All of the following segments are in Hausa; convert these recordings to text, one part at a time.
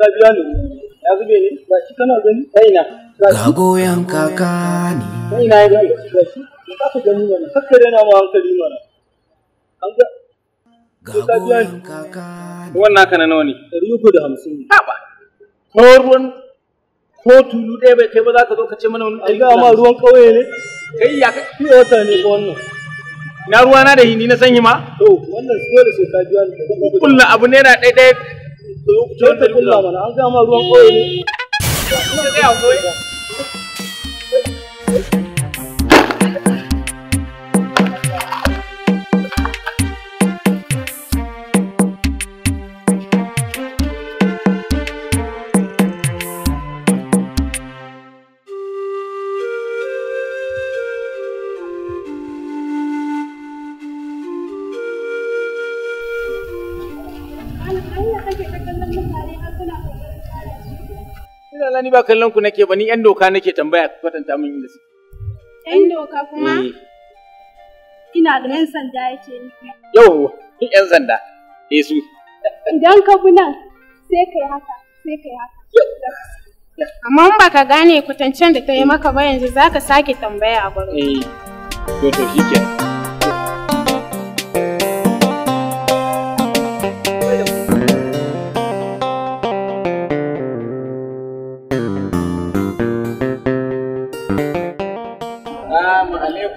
ka biya ba ga goyon kaka ne ga goyon kaka wannan nawa ne ko ruwan ko tulu ɗaya bai kai ba za ka zo ka ce mana wani ruwan ƙauye ne kai ya ka wata ne ko wannan na da na sanyi ma to wannan sai ka biya kullum abu ne na to yau ku ta kulla ruwan koyo Ina lani ba kallon ku nake ba ni yan doka nake tambaya ku kwatanta min inda suke. Yan doka kuma? Eh. Ina da yan sanda yake nufi. Yau, yan sanda. Eh su. Idan ka bi nan sai kai haka, sai kai haka. Amma in baka gane kwatancen da ta yi maka ba yanzu zaka sake tambaya a gurin. Eh. To to shikenan.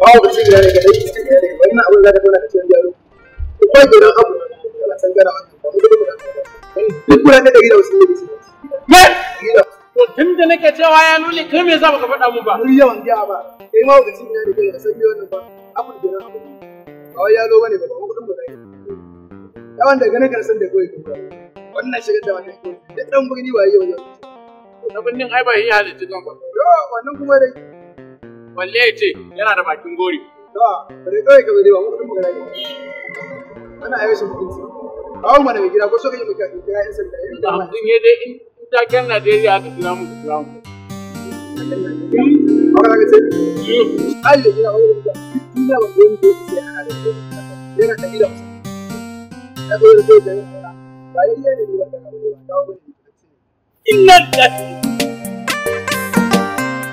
babu cin gida ne kadai cin gida ne kadai na abin da ka tona ka cin gida ne ko gida abu kana san gana duk kuna ka dari da wasu ne ne to tun da nake cewa ya nuni kai me yasa baka faɗa mun ba ni yawan biya ba kai ma ka cin gida ne kai san biyo nan ba abu gida abu ba wai yalo bane ba ba kudin mu dai yawan da gane kan san da kai wannan shigar da wannan da dan burni waye wannan Na din ai ba yi halitta don ba yo wannan kuma dai walle ya ce yana da bakin gori. Da, bari Ana gida ko so yi kira Da hamsin dai in a da Yana da Ya